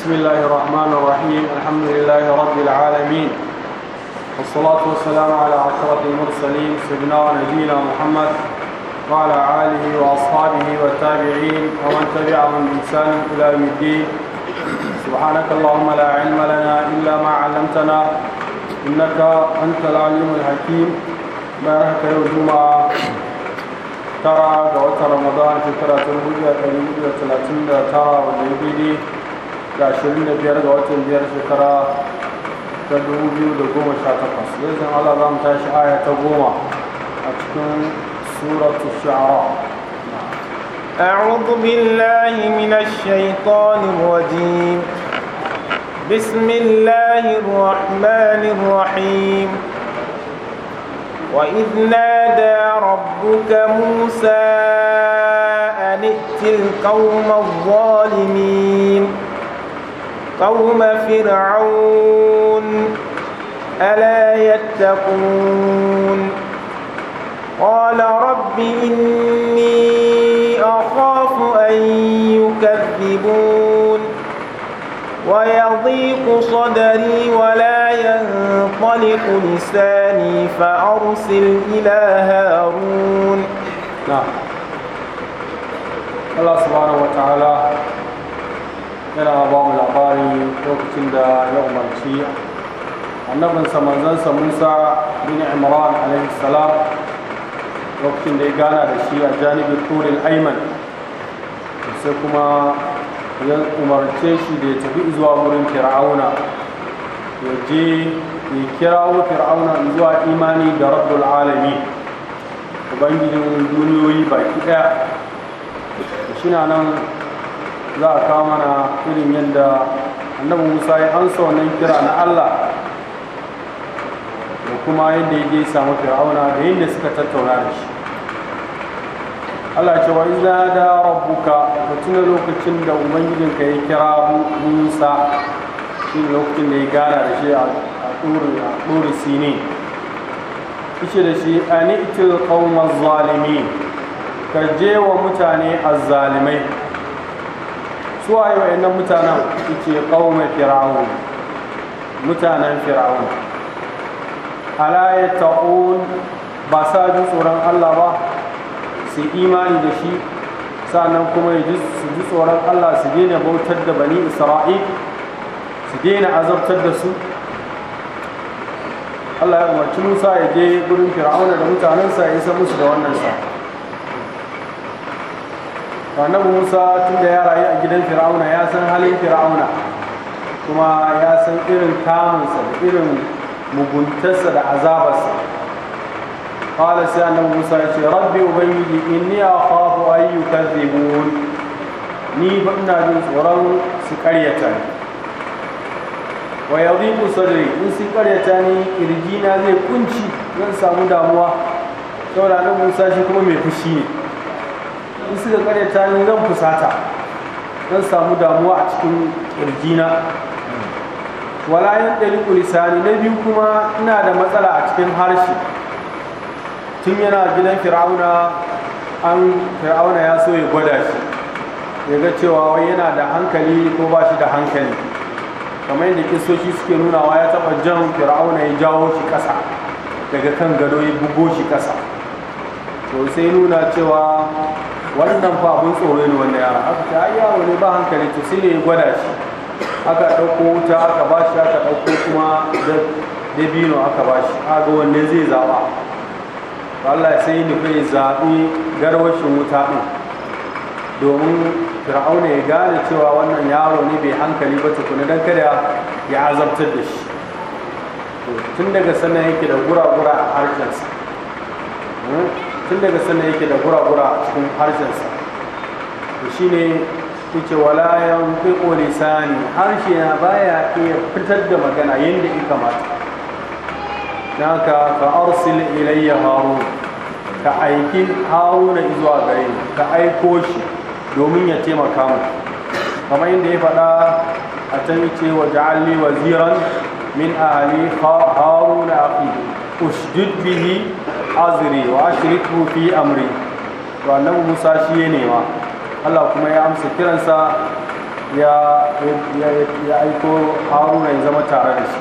بسم الله الرحمن الرحيم الحمد لله رب العالمين والصلاة والسلام على عشرة المرسلين سيدنا ونبينا محمد وعلى آله وأصحابه والتابعين ومن تبعهم بإحسان إلى يوم الدين سبحانك اللهم لا علم لنا إلا ما علمتنا إنك أنت العليم الحكيم بارك يوم الجمعة ترى قوة رمضان في ترى تنهجة تنهجة تلاتين ترى والعبيدي شرین بیارد آتیل بیارد سکرا تلو بیو دو گوم شاعت پس لیزن علا دام تایش آیت گوم اتکن سورة الشعراء أعوذ بالله من الشيطان الرجيم بسم الله الرحمن الرحيم وإذ نادى ربك موسى أن ائت القوم الظالمين قوم فرعون ألا يتقون قال رب إني أخاف أن يكذبون ويضيق صدري ولا ينطلق لساني فأرسل إلى هارون نعم الله سبحانه وتعالى yana ba mu labari lokacin da ya umarci annabinsa manzansa musa bin imran alaihi salam lokacin da ya gana da shi a janibin turin aiman sai kuma ya umarce shi da ya tafi zuwa wurin fir'auna ya je ya kirawo fir'auna zuwa imani da rabbul alami ubangijin duniyoyi baki daya shi na nan za a kama na irin yadda annabi musa ya ansa wannan kira na allah da kuma yadda ya je samu fir'auna da yadda suka tattauna da shi allah ce wa iza da rabbuka ka tuna lokacin da ubangijinka ya kira musa shi lokacin da ya gara da shi a ɗuri sini ishe da shi a ni'til ƙaunar zalimi? ka je wa mutane a zalimai su waye wayannan mutanen suke qauma fir'aun mutanen fir'aun ala yattaqun ba sa ji tsoron Allah ba su imani da shi sannan kuma su ji tsoron Allah su daina bautar da bani isra'il su daina azabtar da su Allah ya umarci Musa ya je gurin Fir'auna da mutanensa ya isa musu da wannan sa annabi musa tun da ya rayu a gidan fir'auna ya san halin fir'auna kuma ya san irin kamunsa da irin muguntarsa da azabarsa qala sai annabi musa ya ce rabbi ubangiji inni akhafu an yukazzibun ni ba ina jin tsoron su karyata ni wa yadhiqu sadri in su karyata ni na zai kunci zan samu damuwa saboda annabi musa shi kuma mai fushi ne in suka ta ni zan fusata zan samu damuwa a cikin ƙirjina wala yin ɗari lisani na biyu kuma ina da matsala a cikin harshe tun yana gidan fir'auna an fir'auna ya so ya gwada shi ya ga cewa wai yana da hankali ko ba shi da hankali kamar yadda kisoshi suke nunawa ya taɓa jan fir'auna ya jawo shi ƙasa daga kan gado ya bugo shi ƙasa to sai nuna cewa wannan fa abin tsoro ne wannan yaro aka ce ai yaro ne ba hankali to sai ne gwada shi aka ɗauko wuta aka ba shi aka ɗauko kuma dabino aka ba shi aga wannan zai zaɓa Allah sai ni kai zaɓi garwashin wuta ɗin domin fir'auna ya gane cewa wannan yaro ne bai hankali ba tukuna dan kada ya azabtar da shi tun daga sanan yake da gura-gura a harkarsa hmm? tun daga sannan yake da gura-gura a cikin harshensa to ne yake wala yanfi lisani harshe na baya iya fitar da magana yadda ya kamata naka ka arsil ilayya harun ka aiki haruna zuwa gare ni ka aiko shi domin ya taimaka mu kamar yadda ya faɗa a can yace wa ja'alni waziran min ahli haruna aqi أشدد به حاضري وأشركه في أمري وأنه موسى شيني ما الله كما يعم سكران سا يا يا يا يا أيكو هارون إن زما تعرفش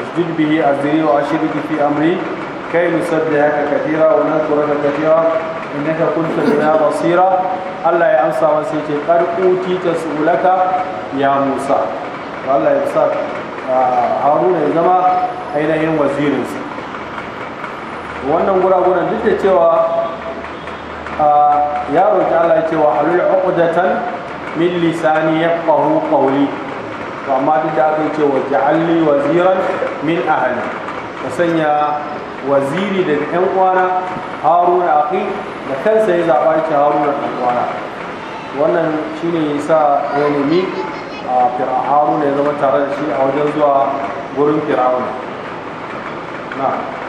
أشدد به حاضري وأشركه في أمري كي نصدقك كثيرا ونذكرك كثيرا إنك كنت بنا بصيرا الله يعم سوسيك قد أوتي تسؤلك يا موسى والله يبصر آه، هارون إن زما أين هي وزيرنسي wannan guragunan duk da cewa ya roƙi Allah ya cewa halul uqdatan min lisani yafqahu qawli to amma duk da aka cewa wa ja'alni waziran min ahli ka sanya waziri daga yan uwana haruna aqi da kansa ya zaba shi haruna dan kwana wannan shine yasa ya nemi haruna ya zama tare da shi a wajen zuwa gurin fir'auna na'am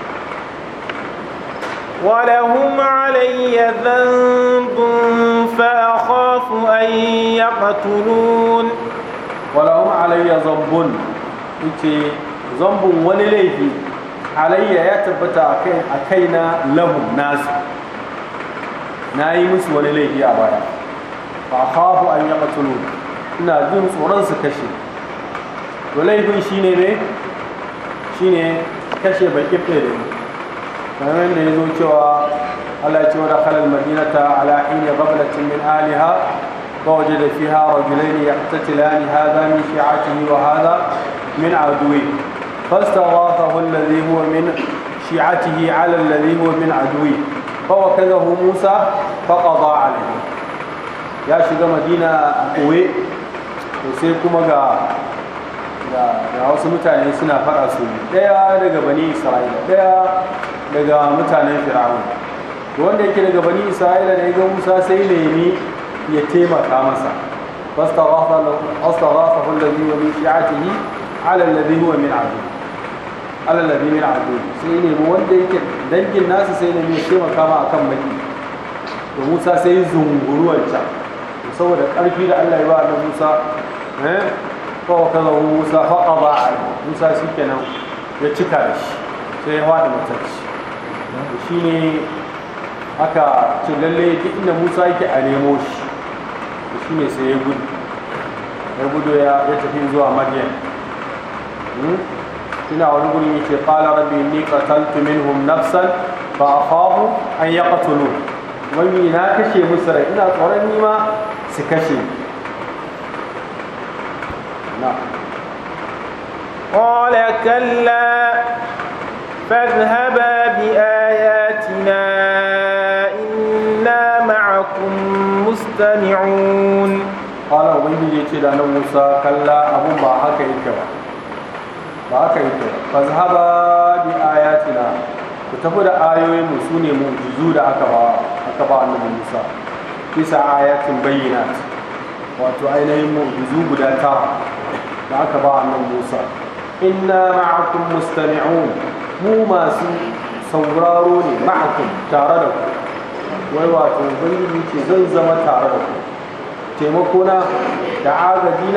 ولهم علي ذنب فأخاف أن يقتلون ولهم علي ذنب yace zambun wani laifi alayya ya tabbata a kaina lahum nasu na yi musu wani laifi a baya fa khafu an yaqtulu ina jin tsoron su kashe to laifin shine ne shine kashe bai kifte da ni kamar da ya zo cewa Allah ya ce wa dakhala al-madinata ala hina ghaflatin min aliha فوجد فيها رجلين يقتتلان هذا من شيعته وهذا من عدوه فاستغاثه الذي هو من شيعته على الذي هو من عدوه فوكذه موسى فقضى عليه يا شيخ مدينه قوي وسيكم da wasu mutane suna fara su ɗaya daga bani isra'ila ɗaya daga mutanen fir'aun wanda yake daga bani isra'ila da ya ga musa sai nemi ya taimaka masa fastaghafahu alladhi wa min shi'atihi ala alladhi huwa min adu ala alladhi min adu sai nemi wanda yake dangin nasu sai nemi ya taimaka ma akan maki to musa sai zunguruwar can saboda ƙarfi da Allah ya ba Musa eh musa فوكله Musa فقضى عليه ya cika da shi, sai ya fada matacci shi ne aka ce lalle duk inda musa yake a nemo shi shi ne sai ya gudu ya gudu ya tafi zuwa Maryam. suna wani guri ne ce ƙala, rabbi ni qataltu minhum nafsan fa akhafu an yaqtulu wani na kashe musu rai ina tsoron ma su kashe قال كلا فاذهبا بآياتنا إنا معكم مستمعون قال أبي يتلى موسى كلا أبو ما حكى الكرة ما حكى الكرة فاذهبا بآياتنا كتبوا آيوي موسوني موجزودة أكبر أكبر من موسى كيسا آيات بينات wato ainihin mu'jizu guda ta da aka ba annabi Musa inna ma'akum mustami'un mu masu sauraro ne ma'akum tare da ku wai wato ubangiji ce zan zama tare da ku taimako da agaji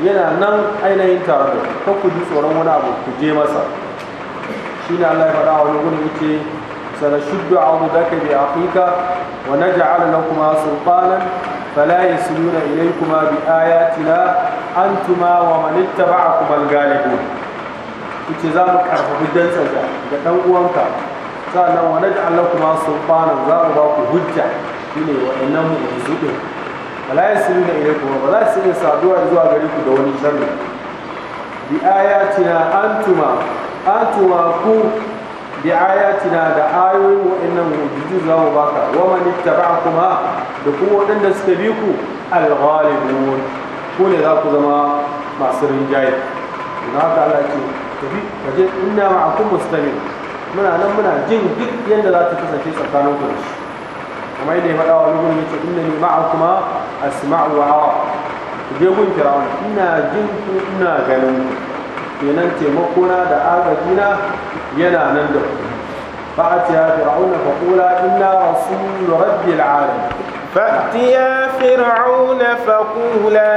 yana nan ainihin tare da ku ku ji tsoron wani abu ku je masa shi ne Allah ya faɗa wani gurin yake sanashuddu a abu da ka bi aqika wa naj'al ja'ala na kuma sultanan فلا يصلون إليكما بآياتنا أنتما ومن اتبعكما الغالبون اتزام الحرف بدن سزا قدن وانك سألنا ونجعل لكما سلطانا زارباك هجة إلي وإنهم يزدون فلا يصلون إليكما ولا يصلون سعدوا إذوا غريكم دوني شر بآياتنا أنتما أنتما كو bi ayatina da ayoyin wa'annan mu'jizu za mu baka wa man kuma da kuma waɗanda suka bi ku al-ghalibun ku ne za ku zama masu rinjaye na haka Allah ce tafi kaje inna ma'akum mustamin muna nan muna jin duk yadda za ta kasance tsakanin ku kuma yadda ya faɗa wa lugun ce inna ni asma'u wa ara ku je gun firawun ina jin ku ina ganin ku kenan taimako da agajina يلا نندق فأتيا فرعون فقولا إنا رسول رب العالمين فأتيا فرعون فقولا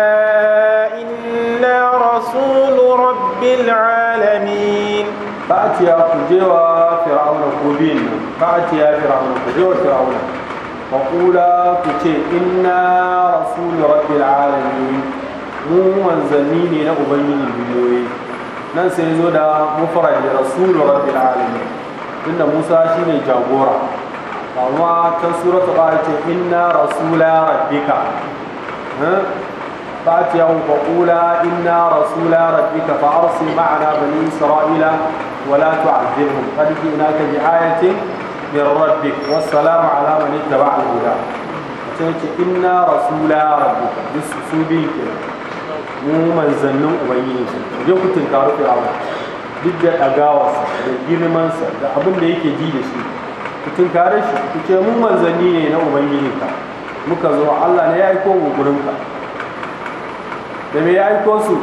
إنا رسول رب العالمين فأتيا فجوا فرعون كوبين فأتيا فرعون فجوا فرعون فقولا كتي إنا رسول رب العالمين مو زنيني لأبين البيوين nan sai ya zo da mufarar rasulun rabin alimi inda musa shi ne jagora kawo ta suratu ba ce inna rasula rabbika ba ce yawon faƙula inna rasula rabbika fa arsi ma'ana bani isra'ila wala tu'azzibhum azirin ƙarfi ina ka ji ayatin min rabbik wassalamu ala man ittaba al-huda ce ce inna rasula rabbika bisu su bin kenan mu manzannin ubangiji je ku tunkaru fir'auna duk da dagawarsa da girmansa da abin da yake ji da shi ku da shi ku ce mu manzanni ne na ubangijinka muka zo Allah ne ya aiko mu gurinka da me ya aiko su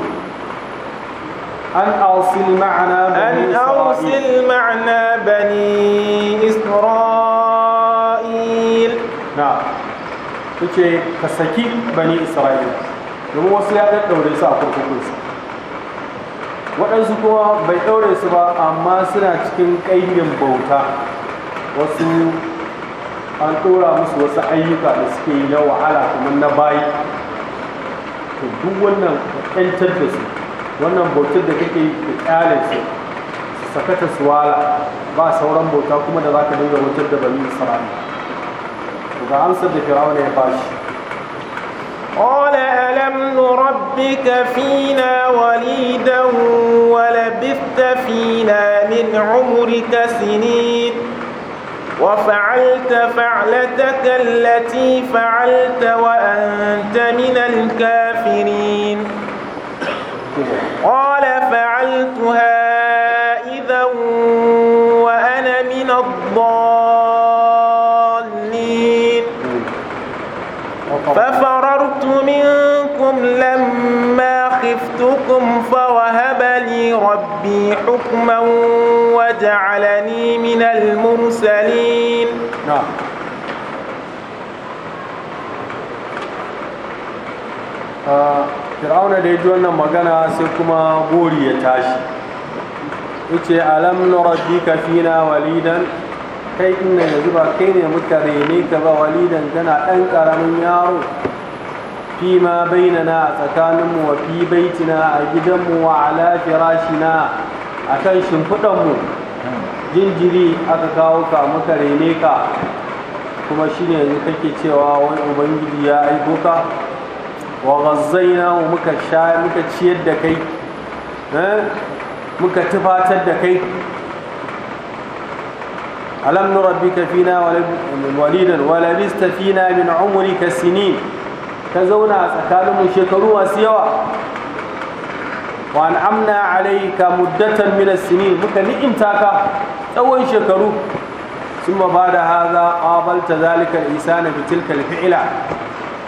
an أرسل ma'ana bani أن ma'ana bani isra'il na نعم ka saki bani isra'ila domin wasu ya ɗaure su a kurkukunsa waɗansu kuma bai ɗaure su ba amma suna cikin ƙayyin bauta wasu an ɗora musu wasu ayyuka da suke yi na wahala kuma na bayi to duk wannan ƙantar da su wannan bautar da kake yi da ƙyalin su sakata su wala ba sauran bauta kuma da za ka dinga wutar da bani isra'ila ga amsar da ne ya bashi قال ألم نربك فينا وليدا ولبثت فينا من عمرك سنين وفعلت فعلتك التي فعلت وأنت من الكافرين قال فعلتها إذا وأنا من الضالين ففعلت حكمكم فوهب لي ربي حكما وجعلني من المرسلين نعم آه، فرعون دي جونا مغانا سيكما غوري يتاشي يتي ألم نربيك فينا وليدا كي إن يجبا كين يمتغيني كبا وليدا جنا أنكر من يارو fi ma na a tsakaninmu wa fi baitina a gidanmu wa ala firashina a kan shimfiɗanmu jinjiri aka kawo ka muka rene ka kuma shi ne kake cewa wani ubangiji ya aiko ka wa ghazzaina muka da kai eh? muka tufatar da kai alam nurabbika fina walidan wa labista fina min umrika ta zauna a tsakaninmu shekaru masu yawa wa amna alaika muddatan min sini muka ni'imta ka tsawon shekaru ثم بعد هذا قابلت isa na بتلك الفعلة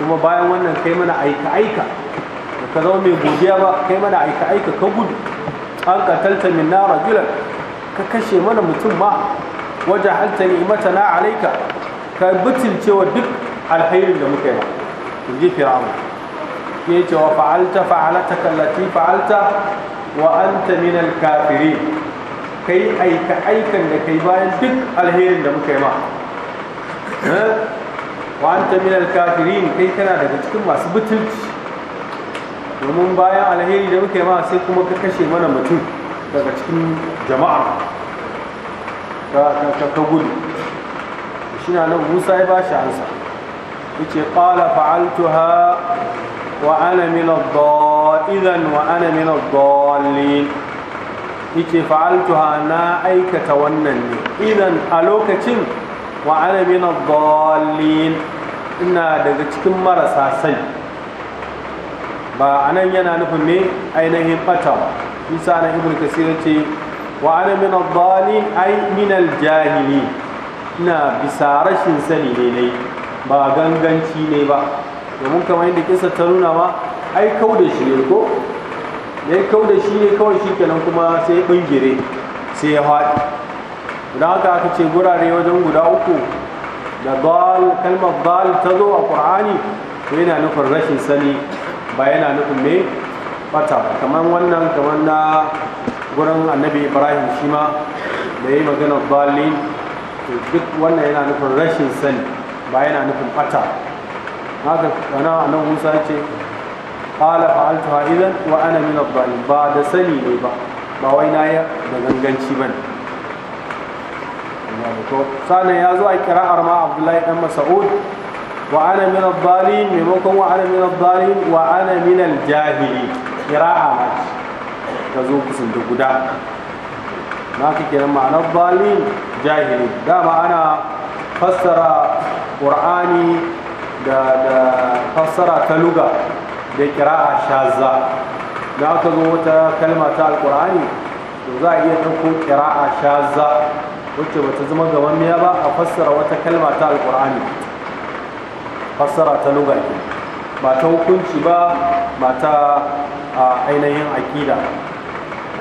kuma bayan wannan kai mana aika-aika da ka zama mai godiya ba kai mana aika-aika ka gudu an katalta min na ka kashe mana mutum ma wajen halta ni'imata na alaika ka bitilcewa duk alhairin da muka yi ji fir'aun ke ce wa fa'alta fa'alata kallati fa'alta wa anta min al-kafirin kai aika aikan da kai bayan duk alherin da muka yi ma eh? wa anta min al-kafirin kai kana daga cikin masu butulci domin bayan alheri da muka yi ma sai kuma ka kashe mana mutum daga cikin jama'a ka gudu shi na nan musa ya ba shi ansa yace qala fa'altuha wa ana min ad dhaidan wa ana min ad-dallin yace fa'altuha na aikata wannan ne idan a lokacin wa ana min ad-dallin ina daga cikin marasa sai ba anan yana nufin me ainihin fata. isa na ibnu kasir yace wa ana min ad-dallin ay min al-jahili ina bisa rashin sani ne ne ba ganganci ne ba domin kamar yadda kisa ta nuna ma ai kau da shi ne ko ne kau da shi ne kawai shi kenan kuma sai ya bingire sai ya haɗi da haka aka ce gurare wajen guda uku da dal kalmar dal ta zo a ƙur'ani to yana nufin rashin sani ba yana nufin me bata kamar wannan kamar na gurin annabi ibrahim shi ma da yi maganar dalin to duk wannan yana nufin rashin sani ba yana nufin fata haka kana nan musa ce qala fa'altu idan wa ana min adh ba da sani ne ba ba wai na ya da ganganci bane sanan ya zo a kira'ar ma abdullahi dan mas'ud wa ana min adh-dhalin maimakon wa ana min adh dhalim wa ana min al-jahili kira'a ta zo kusan da guda na kake ma'anar balin jahili dama ana fassara ƙur'ani da fassara ta luga da kira'a shaza da aka zo wata kalma ta alƙur'ani to za a iya ɗauko kira'a shaza wacce bata zama gamammiya ba a fassara wata kalma ta alƙur'ani fassara ta luga ke ba ta hukunci ba ba ta ainihin aƙida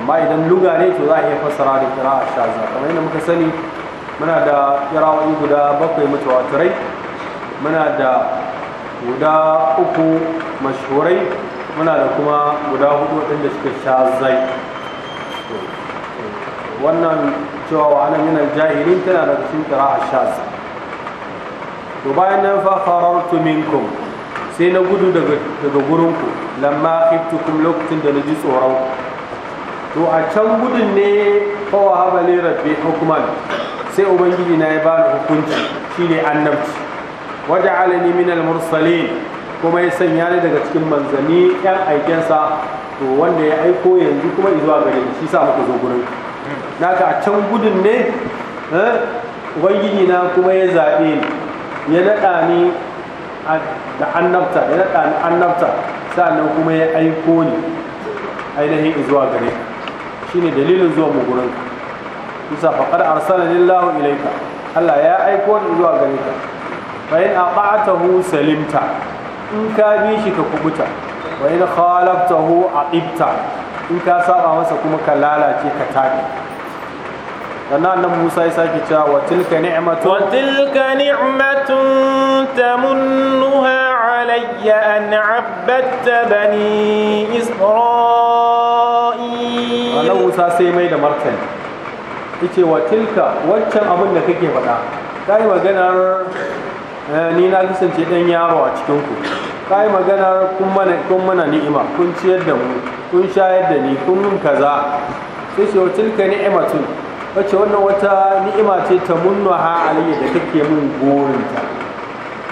amma idan luga ne to za a iya fassara da kira'a shaza kamar yadda muka sani muna da kirawoyi guda bakwai mutawatirai muna da guda uku mashhurai muna da kuma guda hudu waɗanda suke shazai wannan cewa wa anan jahilin tana da cikin sha zai to bayan nan fa sai na gudu daga gurinku lamma kuma lokacin da na ji tsoron to a can gudun ne kawai wa habali rabbi hukumar sai ubangiji na ya bani hukunci shine annabci wajen alani min al-mursalin kuma ya sanya ni daga cikin manzanni yan aikensa to wanda ya aiko yanzu kuma izuwa gare shi sa muka zo gurin naka a can gudun ne eh, ubangiji na kuma ya zaɓe ni ya naɗa ni da annabta ya naɗa ni annabta sannan kuma ya aiko ni ainihin izuwa gare shi ne dalilin zuwa mu gurin isa faqad arsalani Allah ilayka Allah ya aiko ni zuwa gare ka fa in ata'tahu salimta in ka bi shi ka kubuta wa in khalaftahu aqibta in ka saba masa kuma ka lalace ka tabi sannan nan Musa ya sake cewa wa tilka ni'matun wa tilka ni'matun tamunnuha alayya an 'abadta bani isra'il wannan Musa sai mai da martani ce wa tilka waccan abin da kake faɗa ka yi maganar eh, ni na kasance ɗan yaro a cikinku. ka yi maganar kun mana ni'ima kun ciyar da mu kun shayar da ni kun mun kaza sai ce wa tilka tun wacce wannan wata ni'ima ce ta munna ha aliyu da kake mun gorinta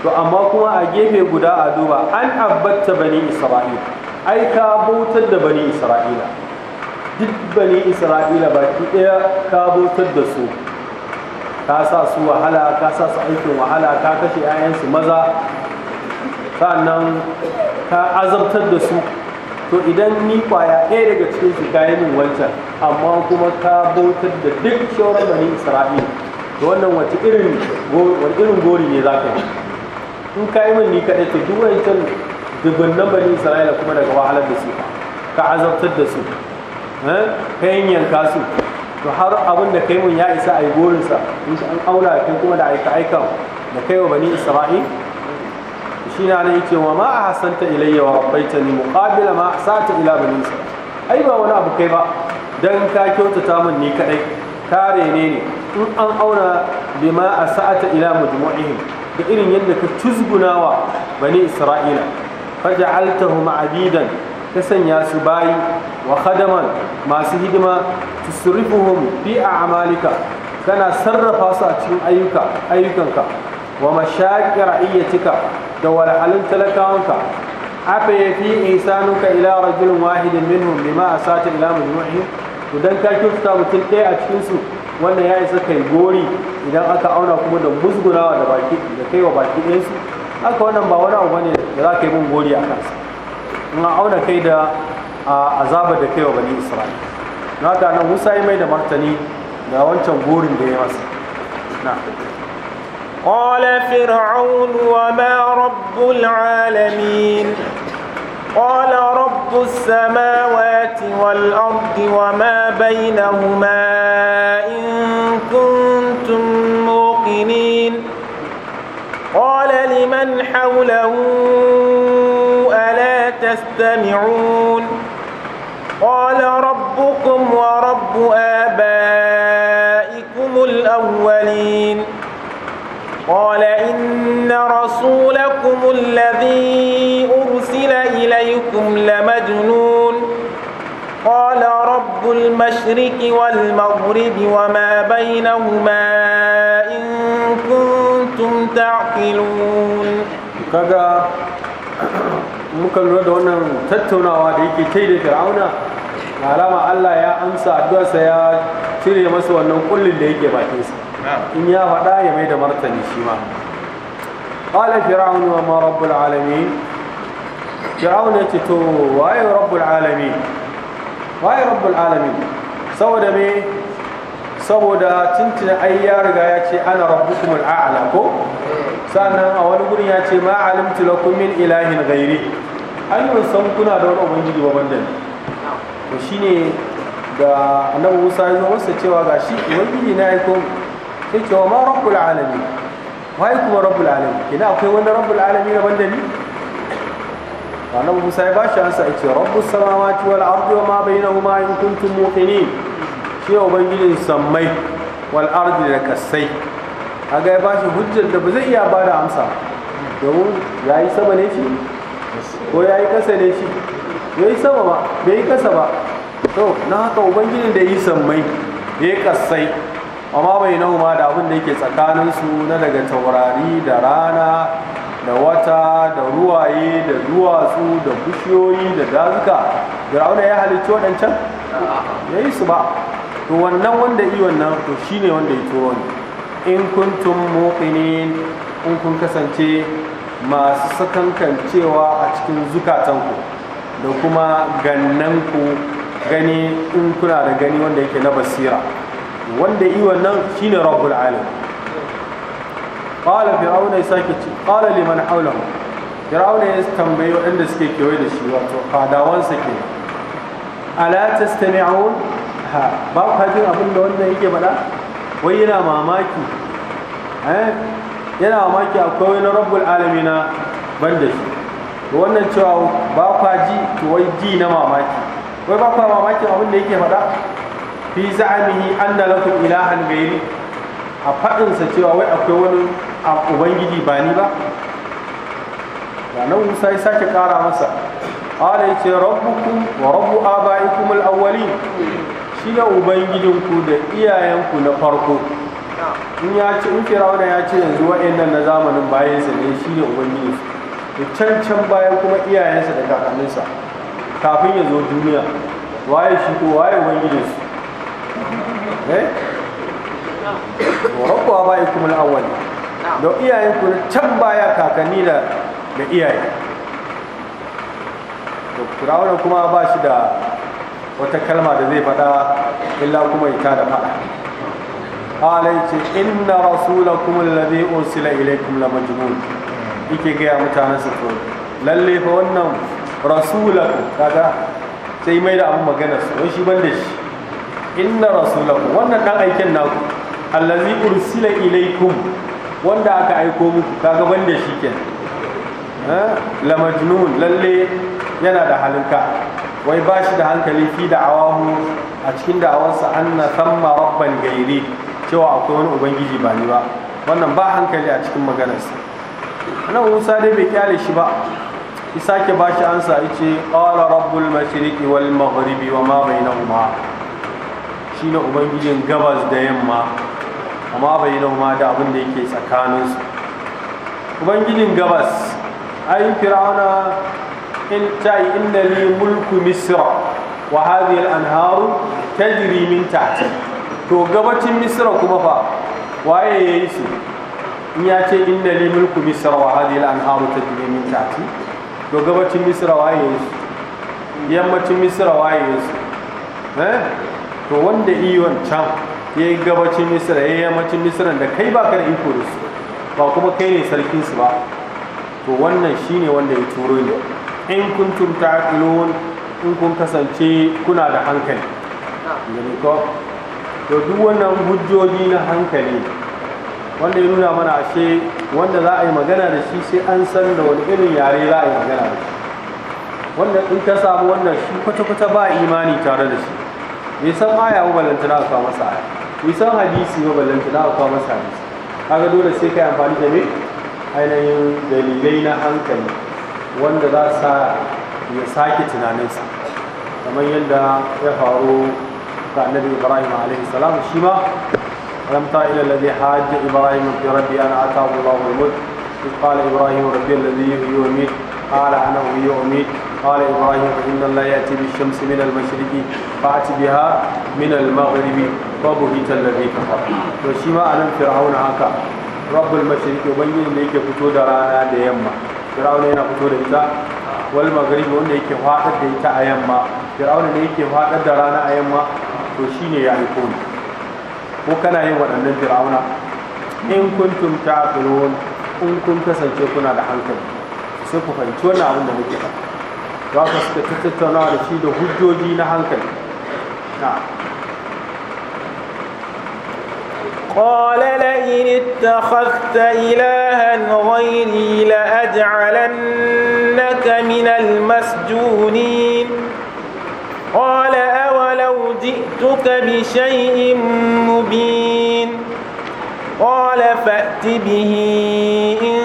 to amma kuma a gefe guda a duba an abbatta bani isra'ila ai ka bautar da bani isra'ila duk bani isra'ila baki ɗaya ka bautar da su ka sa su wahala ka sa su aikin wahala ka kashe 'ya'yansu maza sannan ka azabtar da su to idan ni kwaya ɗaya daga cikin su ga wancan amma kuma ka bautar da duk shawarar bani isra'ila to wannan wace irin gori ne za ka yi in ka yi min ni kaɗai to duk wancan dubunnan bani isra'ila kuma daga wahalar da su ka azabtar da su ka kasu to har abin da kai mun ya isa a yi gorinsa in shi an aula kai kuma da aika aikan da kai wa bani isra'il shi na ne yake wa ma a hasanta ilayya wa baita ni muqabila ma sa'ata ila bani ai ba wani abu kai ba dan ka kyautata min ni kadai kare ne ne in an auna bima sa'ata ila mujmu'ihim da irin yadda ka tuzgunawa bani isra'ila faja'altahum abidan ta sanya su bayi wa khadaman masu hidima surifuhum fi a'malika kana sarrafa su a cikin ayyuka ayyukanka wa mashaqi cika da walhalin talakawanka afa yafi isanuka ila rajulin wahidin minhum lima asata ila majmu'ihim idan ka kyauta mutum ɗaya a cikin su wannan ya isa kai gori idan aka auna kuma da musgunawa da baki da kai wa baki su haka wannan ba wani abu bane da za ka yi mun gori a kansa in auna kai da azaba da kai wa bani isra'ila na ga nan musa ya mai da martani ga wancan burin da ya masa na قال فرعون وما رب العالمين قال رب السماوات والأرض وما بينهما إن كنتم موقنين قال لمن حوله تستمعون قال ربكم ورب آبائكم الأولين قال إن رسولكم الذي أرسل إليكم لمجنون قال رب المشرق والمغرب وما بينهما إن كنتم تعقلون muka lura da wannan tattaunawa da yake kai da fir'auna da alama Allah ya amsa addu'arsa ya cire masa wannan kullin da yake bakinsa in ya faɗa ya mai da martani shi ma qala firauna wa ma rabbul alami firauna ce to waye rabbul alami waye rabbul alami saboda me saboda tuntuna ai ya riga ya ce ana rabbukumul a'ala ko sannan a wani gurin ya ce ma alimtu lakum min ilahin ghairi an yi san kuna da wani ubangiji ba banda to shine da annabi Musa ya zo masa cewa gashi ubangiji na aiko sai cewa ma rabbul alamin wai kuma rabbul alamin kina akwai wani rabbul alamin na banda ni annabi Musa ya bashi ansa ya ce rabbus samawati wal ardi wa ma bainahuma in kuntum muqinin shi ubangijin samai wal ardi da kasai kaga ya bashi hujjar da ba zai iya bada amsa domin ya yi sama ne shi ko ya yi kasa ne shi ya yi sama ba bai yi kasa ba to na haka ubangijin da yi sammai ya yi kasai amma bai na ma da abin da yake tsakaninsu na daga taurari da rana da wata da ruwaye da duwatsu da bishiyoyi da dazuka fir'auna ya halicci waɗancan ya yi su ba to wannan wanda yi wannan to shine wanda ya turo ne in kuntum muqinin in kun kasance masu sakankancewa a cikin zukatanku da kuma gannanku gani in kuna da gani wanda yake na basira wanda yi wannan ne rabbul alim qala fir'auna ya sake ce qala liman hawlahu fir'auna ya tambayi waɗanda suke kewaye da shi wato fadawansa ke ala tastami'un ha ba ku hajin abin da wannan yake faɗa wai yana mamaki eh? yana mamaki akwai wani rabbul alamina ban da shi wannan cewa ba kwa ji wai ji na mamaki wai ba kwa mamaki abin da yake faɗa fi za'amihi anna lakum ilahan ghairi a faɗinsa cewa wai akwai wani ubangiji ba ni ba nan Musa ya sake ƙara masa qala yace rabbukum wa rabbu abaikum al-awwalin shi ne ubangijinku da iyayenku na farko in ya ce in firawuna ya ce yanzu wa'annan na zamanin bayansa ne shi ne ubangijinsu da can can baya kuma iyayensa da kakanninsa kafin ya zo duniya waye shi ko waye ubangijinsu eh? wa rabbuwa ba ikum da iyayenku na can baya kakanni da da iyaye firawuna kuma ba shi da wata kalma da zai faɗa illa kuma ita da faɗa qala yace inna rasulakum alladhi ursila ilaykum la majnun yake gaya mutanen su to lalle fa wannan rasula kaga sai mai da abin magana su shi ban da shi inna rasulakum wannan dan aikin naku allazi ursila ilaikum wanda aka aiko muku kaga banda shi kenan. Eh, la majnun lalle yana da halinka wai ba shi da hankali fi da'awahu a cikin da'awarsa anna thamma rabban gairi cewa akwai wani ubangiji ba ni ba wannan ba hankali a cikin maganarsa nan musa dai bai kyale shi ba ki sake ba shi ansa yace qala rabbul mashriqi wal maghribi wa ma Shi shine ubangijin gabas da yamma amma bainahuma da abin da yake tsakaninsu ubangijin gabas ai fir'auna انتهي إن لي ملك مصر وهذه الأنهار تجري من تحتي to gabacin misra kuma fa waye ya yi su in ya ce inna li mulku misra wa hadhihi al-anharu tajri min tahti to gabacin misra waye ya su yammacin misra waye ya su eh to wanda yi wancan ya yi gabacin misra ya yi yammacin misra da kai ba kan iko da su ba kuma kai ne sarkin su ba to wannan shine wanda ya turo ne in kuntum ta'qilun in kun kasance kuna da hankali gani ko to duk wannan hujjoji na hankali wanda ya nuna mana ashe wanda za a yi magana da shi sai an san da wani irin yare za a yi magana da shi wanda in ta samu wannan shi kwata-kwata ba imani tare da shi bai san aya ba ballantana a kawo masa aya bai san hadisi ba ballantana a kawo masa hadisi kaga dole sai kai amfani da me ainihin dalilai na hankali wanda za sa ya sake tunaninsa kamar yadda ya faru ga annabi ibrahim alaihi salam shi ma alam ta ila alladhi hajja ibrahim rabbi an ubangiji ne yake fito da rana da yamma fir'auna yana fito da ita wal magharibi wanda yake fadar da ita a yamma fir'auna ne yake fadar da rana a yamma to shine ya aiko ni ko kana yin waɗannan fir'auna in kuntum ta'qulun in kun kasance kuna da hankali sai ku fahimci wannan abin da nake faɗa za ka suka tattaunawa da shi da hujjoji na hankali قال لئن اتخذت إلها غيري لأجعلنك من المسجونين قال أولو جئتك بشيء مبين قال فأت به إن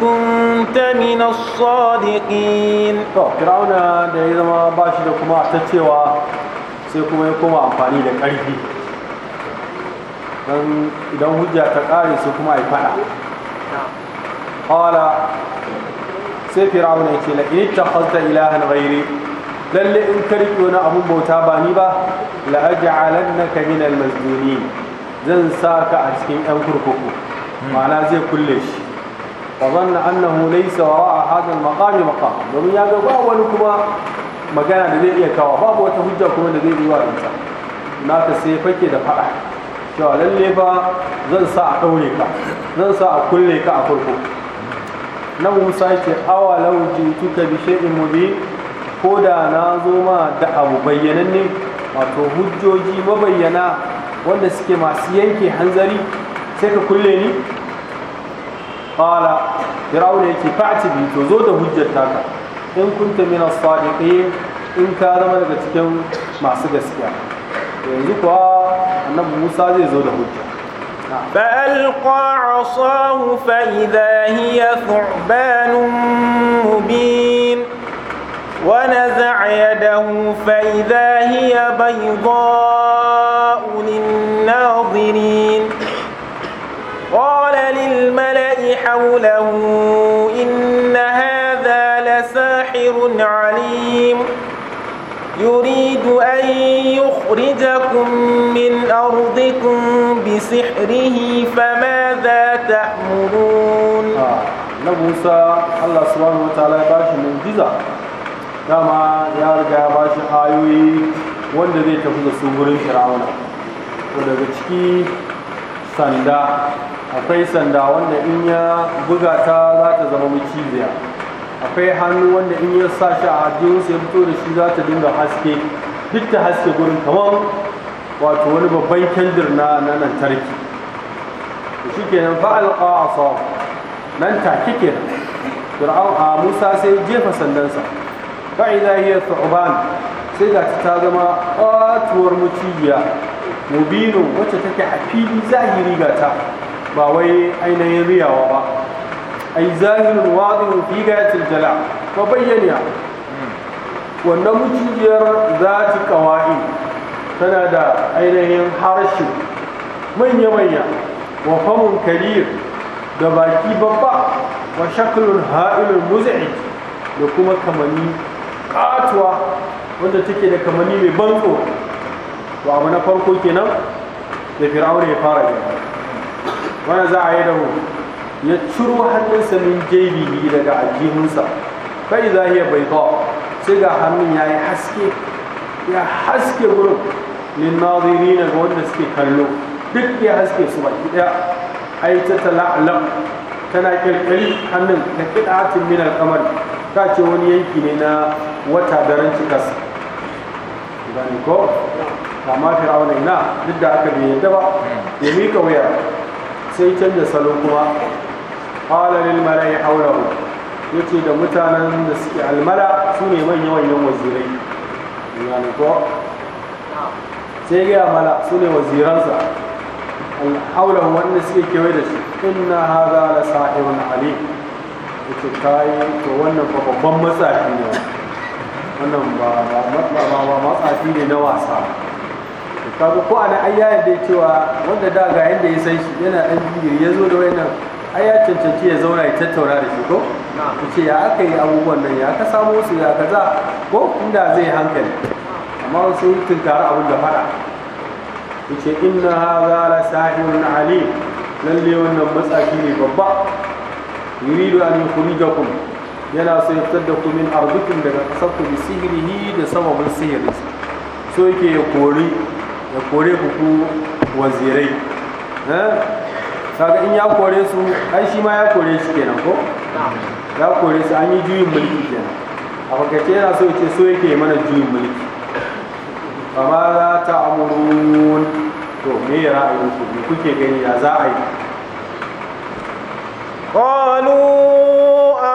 كنت من الصادقين فرعون هذا ما zama ba shi da kuma tattewa sai kuma don idan hujja ta kare su kuma a yi faɗa Kawala sai firawuna ya ce la in ta hasta ilahan ghairi lalle in ka riƙe wani abun bauta ba ni ba la aj'alannaka min al zan sa ka a cikin yan kurkuku ma'ana zai kulle shi na zanna annahu laysa wara'a a al-maqami maqam domin ya ga ba wani kuma magana da zai iya kawo babu wata hujja kuma da zai yi wa Na ta sai fake da faɗa cewa lalle ba zan sa a ɗaure ka zan sa a kulle ka a farko na musa ce awa lauji tuka bi shay'in mubin ko da na zo ma da abu bayyananne wato hujjoji mabayyana wanda suke masu yanke hanzari sai ka kulle ni qala firawuna yake fa'ati bi to zo da hujjar taka in kunta mina as-sadiqin in ka zama daga cikin masu gaskiya فألقى عصاه فإذا هي ثعبان مبين ونزع يده فإذا هي بيضاء للناظرين قال للملأ حوله إن هذا لساحر عليم يريد أن يخرجكم من أرضكم بسحره فماذا تأمرون na musa allah subhanahu wa ta'ala ya bashi mujiza dama ya riga ya bashi ayoyi wanda zai tafi da su gurin fir'auna to daga ciki sanda akwai sanda wanda in ya buga ta za ta zama maciziya. akwai hannu wanda in ya sa shi a hajjiyar sai fito da shi za ta dinga haske duk ta haske gurin kamar wato wani babban kendir na tarki lantarki shi nan fa'al ƙasa nan take kenan fir'aun a musa sai jefa sandansa fa'ila hiya thu'ban sai ga ta zama ƙatuwar muciya mubino wacce take a fili zahiri ga ba wai ainihin riyawa ba ai zahirun wadin fi gayatil jala fa bayyana wannan mujiyar zati qawaid tana da ainihin harshe manya manya wa famun karir da baki babba wa shaklun ha'ilun muz'i da kuma kamani katuwa wanda take da kamani mai banko to abu na farko kenan da fir'auna ya fara gani wani za a yi da mu ya ciro hannunsa min jaibihi daga aljihunsa kai za hiya bai sai ga hannun ya yi haske ya haske gurin min nazirin ga wanda suke kallo duk ya haske su baki daya ai ta tala'alam tana kirkiri hannun da kida'atin min alkamar ta ce wani yanki ne na wata daren cikas gani ko amma fir'auna na duk da aka bai yadda ba ya mika wuya sai canza salo kuma qala lil mala'i hawlahu yace da mutanen da suke almala su ne manyan manyan wazirai yani ko sai ga mala su ne waziransa hawlahu wanda suke kewaye da shi inna hadha la sahirun alim yace kai to wannan fa babban matsafi ne wannan ba ba matsafi ne na wasa kaga ko ana ayyayen da cewa wanda da ga yanda ya san shi yana dan jigiri ya zo da wayannan ai ya cancanci ya zauna ya tattauna da shi ko ku ce ya aka yi abubuwan nan ya ka samu su ya kaza ko inda zai hankali amma sun tunkari abin da faɗa. ku ce inna hadha la sahirun Ali. lalle wannan matsaki ne babba yuridu an yukhrijakum yana so ya fitar da ku min daga kasar ku bi sihirihi da sababin sihirinsa so yake ya kori ya kore ku ku wazirai eh? kaga in ya kore su ai shi ma ya kore shi kenan ko ya kore su an yi juyin mulki kenan a fakace yana so ce so yake mana juyin mulki ba ma za ta amurun to me ya ra'ayin ku me kuke gani ya za a yi قالوا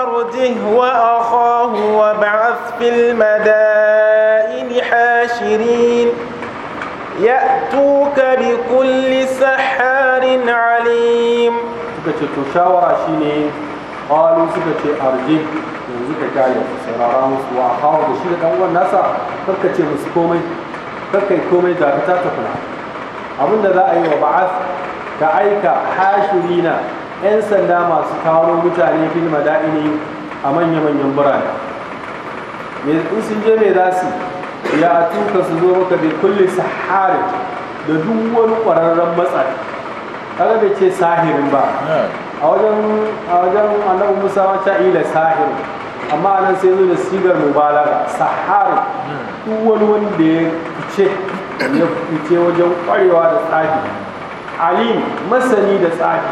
أرجه وأخاه وابعث في المدائن حاشرين ya'tuka bi kulli saharin alim suka ce to shawara shine qalu suka ce arji yanzu ka kare sarara musu wa hawa da shi da dan uwan nasa karka ce musu komai karka yi komai da ta ta Abin da za a yi wa ba'as, ka aika hashirina yan sanda masu kawo mutane fil madaini a manya-manyan birane in sun je mai za su ya tuka su zo maka da kulle sahari da duk wani ƙwararren matsari kaga bai ce sahirin ba a wajen a wajen annabi Musa ma ta ila sahirin amma anan sai zo da sigar mubalaga sahari duk wani wanda ya fice ya fice wajen ƙwarewa da tsafi alim masani da tsafi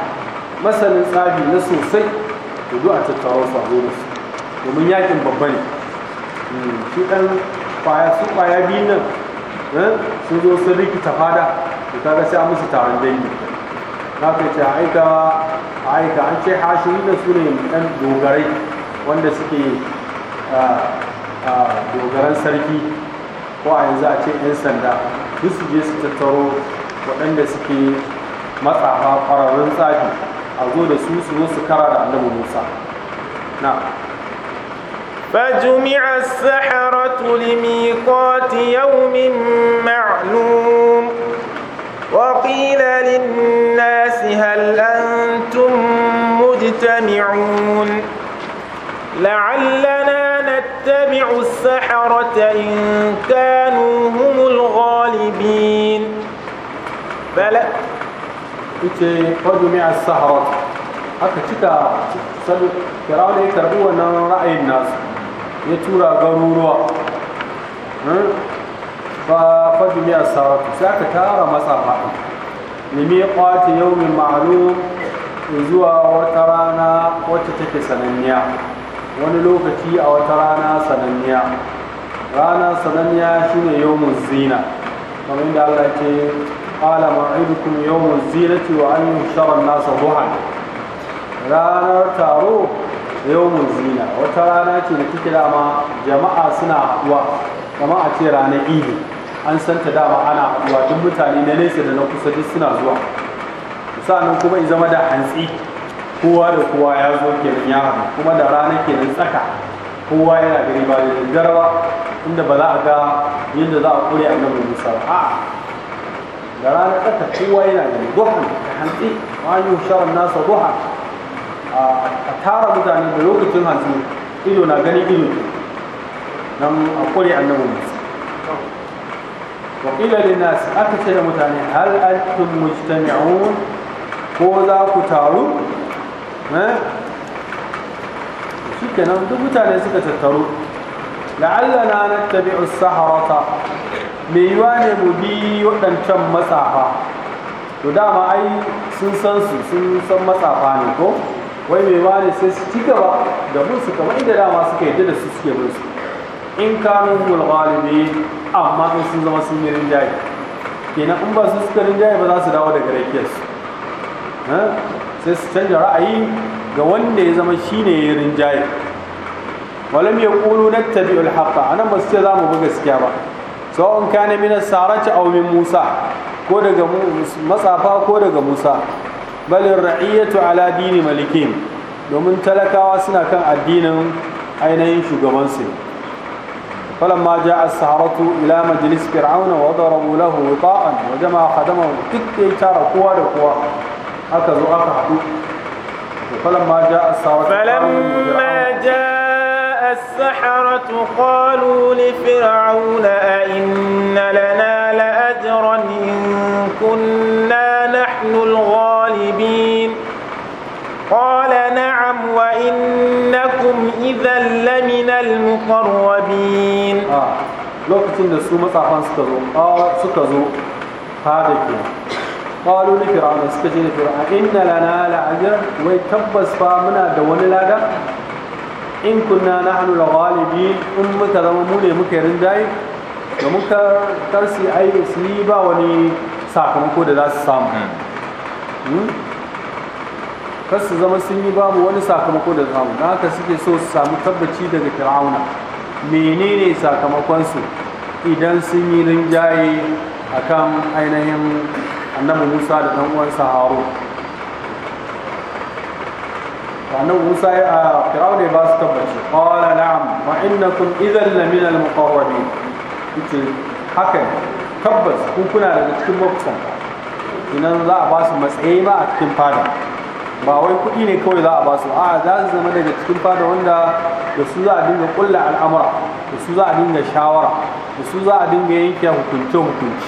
masanin tsafi na sosai to duk a tattawa su a domin yakin babba ne hmm, shi dan kwaya su kwaya biyu nan eh, sun zo sun rikita fada da ta sai musu taron dangi na ka ce aika aika an ce hashiri na su ne ɗan dogarai wanda suke dogaran sarki ko a yanzu a ce 'yan sanda duk su je su tattaro waɗanda suke matsafa ƙwararrun tsafi a zo da su su zo su kara da annabi musa na فجمع السحرة لميقات يوم معلوم وقيل للناس هل أنتم مجتمعون لعلنا نتبع السحرة إن كانوا هم الغالبين فلا فجمع السحرة حتى cika kirawa ne karbi wannan ra'ayin ya tura garuruwa hmm? fa fadumi asaratu sai aka tara matsafa ya kwata yaumin ma'lum zuwa wata rana wacce take sananniya wani lokaci a wata rana sananniya rana sananniya shine yaumun zina kamar inda Allah ce qala ma'idukum zina ce wa an yushara nasa duhan ranar taro yawon zina wata rana ce da kike dama jama'a suna haɗuwa kama a ce ranar idi an san ta dama ana haɗuwa duk mutane na nesa da na kusa duk suna zuwa sa'annan kuma in zama da hantsi kowa da kowa ya zo nan ya haɗu kuma da rana nan tsaka kowa yana gari ba da garawa inda ba za a ga yadda za a kure a nan musa a da rana tsaka kowa yana gari duhan hantsi ma yi sharon nasa duhan a tara mutane da lokacin hanzu ido na gani ido nan a kure annabi musa wakila linnas aka ce da mutane hal antum mujtami'un ko za ku taru eh? nan duk mutane suka tattaru la'allana nattabi'u saharata me yiwa ne mu bi waɗancan matsafa to dama ai sun san su sun san matsafa ne ko wai mai wani sai su ci gaba da musu kamar inda dama suka yadda da su suke musu in kanu mulwali ne amma in sun zama sun yi rinjaye kenan in ba su suka rinjaye ba za su dawo daga rakiyarsu sai su canja ra'ayi ga wanda ya zama shi ne ya rinjaye walam na tabi ulhaka a anan ba su ce za mu bi gaskiya ba tsawon kana na as-sarati aw musa ko daga matsafa ko daga musa بل الرعية على دين ملكين ومن تلك واسنا كان الدين أين ينشقون سي فلما جاء السحرة إلى مجلس فرعون وضربوا له وطاء وجمع خدمه تكت يتار قوة قوة أكذو أكحكو فلما جاء السحرة فلما جاء السحرة قالوا لفرعون أئن لنا لأجرا إن كنا نحن الغالبين مبين قال نعم وإنكم إذا لمن المقربين lokacin da su matsafan suka zo suka zo fada ke qalu li fir'auna suka ce da fir'auna inna lana la'ajr wai tabbas fa muna da wani lada in kunna nahnu al-ghalibi in muka zama mu ne muka rinjaye da muka tarsi ai su yi ba wani sakamako da za su samu kar su zama sun yi babu wani sakamako da samu don haka suke so su samu tabbaci daga fir'auna menene sakamakonsu idan sun yi rinjaye akan ainihin annabi musa da ɗan uwansa haro annabi musa ya a fir'auna ya ba su tabbaci qala na'am wa kun idhan lamina al-muqarrabin yace haka tabbas kun kuna daga cikin makusanta idan za a ba su matsayi ba a cikin fada ba wai kuɗi ne kawai za a ba su a za su zama daga cikin fada wanda da su za a dinga ƙulla al'amura da su za a dinga shawara da su za a dinga yanke hukunce hukunci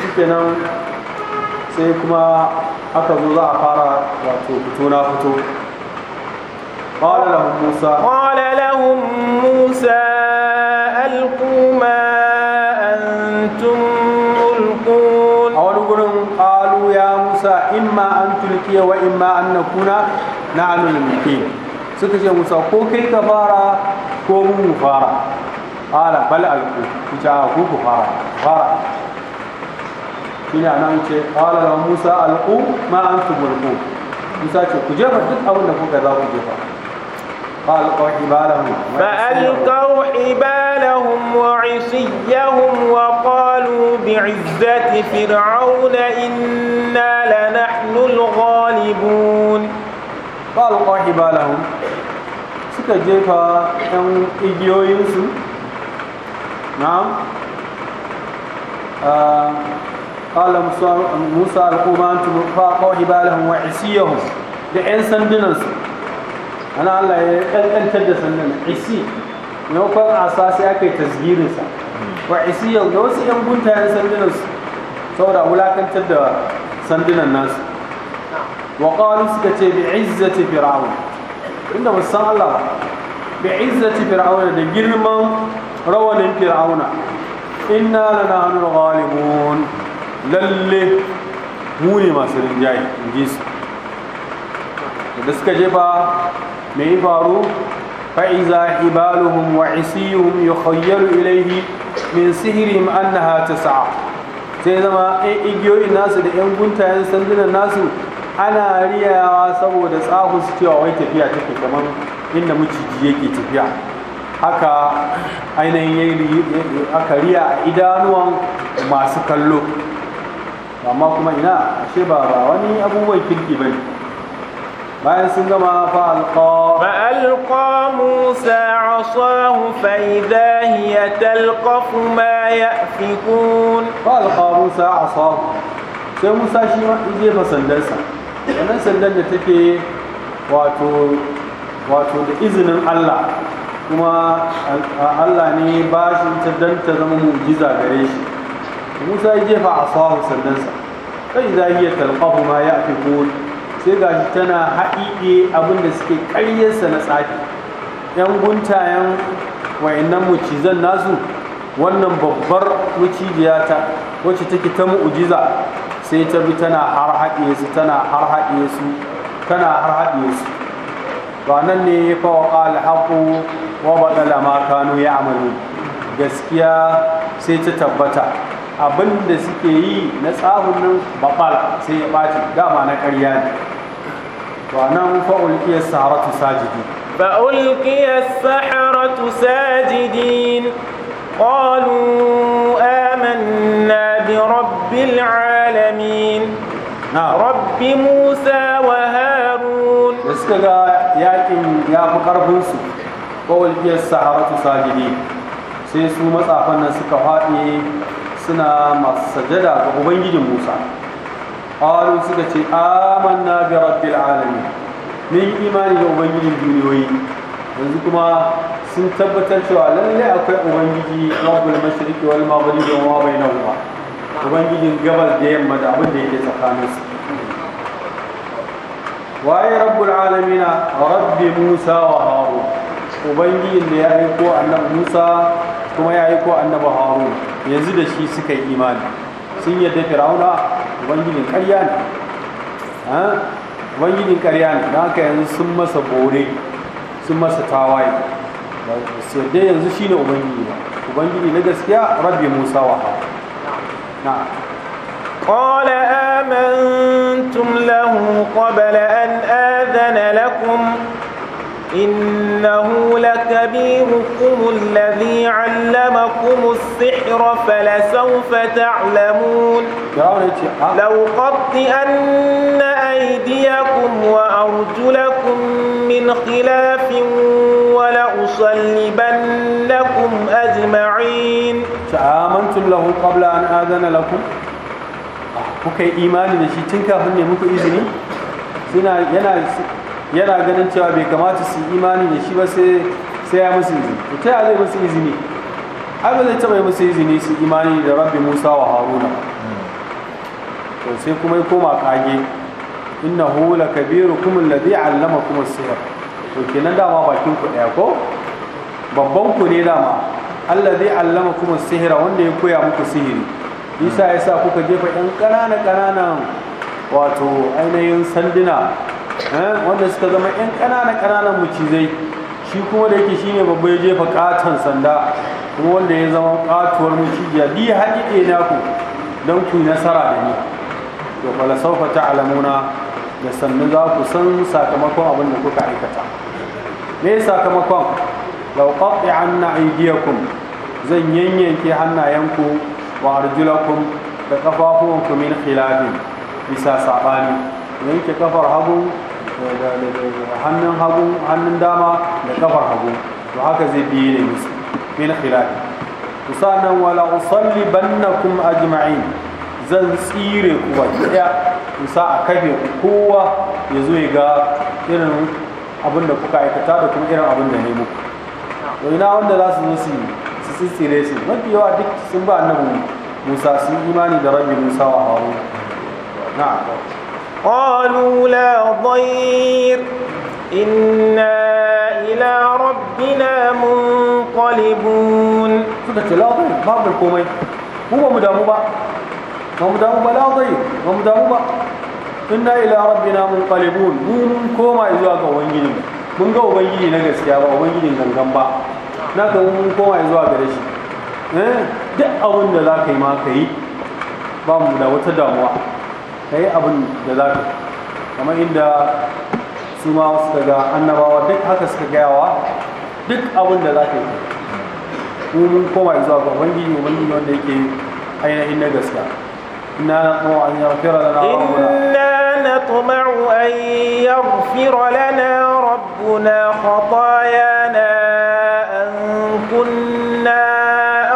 shikenan sai kuma aka zo za a fara wato fito na fito قال لهم موسى قال لهم موسى ألقوا ما أنتم ملقون أول قالوا يا موسى إما أوتي وإما أن نكون نحن الملكين suka ce musa ko kai ka fara ko mu mu fara ala bal alku ku a ku ku fara fara ina nan ce ala la musa alku ma antum mulku musa ce ku jefa duk abin da kuka za ku jefa فألقوا حبالهم فألقوا حبالهم وعصيهم وقالوا بعزة فرعون إنا لن يرهبون فألقى حبالهم suka jefa ɗan igiyoyinsu na'am قال موسى موسى القومان فاقوا حبالهم وعصيهم da 'yan sandunansu ana Allah ya ƙanƙantar da sandunan isi maimakon asa sai aka yi tasgirinsa wa isi yau da wasu 'yan guntayen sandunansu saboda wulakantar da sandunan nasu wa qalu suka ce bi izzati fir'aun inda ba san Allah bi izzati fir'aun da girman rawanin fir'auna inna lanahnu ghalibun lalle mu masu rinjaye in ji su da suka jefa mai faru فإذا حبالهم وعصيهم يخيل إليه من سحرهم أنها تسعى sai zama in igiyoyin nasu da 'yan guntayen sandunan nasu ana riyawa saboda tsahu su cewa wai tafiya take kamar inda maciji yake tafiya haka ainihin aka riya a idanuwan masu kallo amma kuma ina ashe ba ba wani abubuwan kirki bane bayan sun gama fa alqa fa alqa musa asahu fa idha hiya talqafu ma yafikun fa alqa musa asahu sai musa shi ma ije masandarsa wannan sandan da take wato wato da izinin Allah kuma Allah ne ba shi ta dan ta zama mujiza gare shi Musa ya jefa asahu sandansa kai za iya talqahu ma ya fi sai gashi tana haɗiɗe abin da suke ƙaryarsa na tsafi yan guntayen wayannan mucizan nasu wannan babbar mucijiya wacce take ta mu'ujiza sai ta bi tana har haɗe su tana har haɗe su tana har haɗe su ba nan ne fa wa qala haqu wa badala ma kanu ya'malu gaskiya sai ta tabbata abinda suke yi na tsahun nan bafal sai ya ɓaci dama na ƙarya ne ba nan fa ulqiya saharatu sajidi fa ulqiya saharatu sajidin qalu آمنا برب العالمين رب موسى وهارون يسكغا ياكين يا فقربن سو قول في السحرة ساجدين sai su matsafan nan suka faɗi suna masajada ga ubangijin musa Alu suka ce amanna bi imani da ubangijin duniyoyi yanzu kuma sun tabbatar cewa lallai akwai ubangiji rabbul mashriqi wal maghribi wa ma bainahuma ubangijin gabas da yamma da abin da yake tsakanin su waye rabbul alamin rabbi musa wa harun ubangijin da ya aiko annabi musa kuma ya aiko annabi harun yanzu da shi suka yi imani sun yadda firauna ubangijin ƙarya ne ubangijin ƙarya ne don haka yanzu sun masa bore sun masa tawaye sai yadda yanzu shine ubangiji ba ubangiji na gaskiya rabbi musa wa na qala amantum lahu qabla an آذن lakum إنه لكبيركم الذي علمكم السحر فلسوف تعلمون لو قطئن أيديكم وأرجلكم من خلاف ولأصلبنكم أجمعين فآمنتم له قبل أن آذن لكم kuka إيمان imani da shi tun kafin yana ganin cewa bai kamata su imani da shi ba sai ya musu izini to ta zai musu izini ai ba zai taba yi musu izini su imani da rabbi musa wa haruna to sai kuma ya koma kage kabiru kum alladhi allamakum as-sihr to kenan dama bakin ku daya ko babban ku ne dama alladhi allamakum as sihr wanda ya koya muku sihiri isa yasa kuka jefa ɗan ƙanana ƙananan wato ainihin sanduna wanda suka zama 'yan ƙananan ƙananan mucizai shi kuma da yake shine babba ya jefa katon sanda kuma wanda ya zama katuwar mucijiya bi haɗi ɗaya ku don ku nasara da ni to ta ta'lamuna da sannu za ku san sakamakon abin da kuka aikata me sakamakon law qati'anna aydiyakum zan yanyanke hannayenku wa arjulakum da kafafuwanku min khilafin bisa sabani yanke kafar hagu hannun hagu hannun dama da kafar hagu to haka zai biye ne musu min khilafi usanan wala usalli bannakum ajma'in zan tsire ku baki daya usa a kafe kowa ya zo ya ga irin abin da kuka aikata da kuma irin abin da ne muku to ina wanda za su zo su su tsire su mafi yawa duk sun ba annabi Musa sun imani da rabbi Musa wa haru na'am قالوا لا ضير إنا إلى ربنا منقلبون سنة لا ضير ما بالكومي هو مدامبا ومدامبا لا ضير ومدامبا إنا إلى ربنا منقلبون من كوما إذا كوانجين mun ga ubangiji na gaskiya ba ubangijin gangan ba na ka mun koma zuwa gare shi duk abin da za ka yi ma ka yi ba mu da wata damuwa ka yi abin da za ka kamar inda su ma suka ga annabawa duk haka suka gayawa duk abin da za ka yi mu mun koma zuwa ga ubangiji ubangiji wanda yake ainihin na gaskiya inna natma'u an yaghfira lana inna natma'u an yaghfira lana rabbuna khataayana an kunna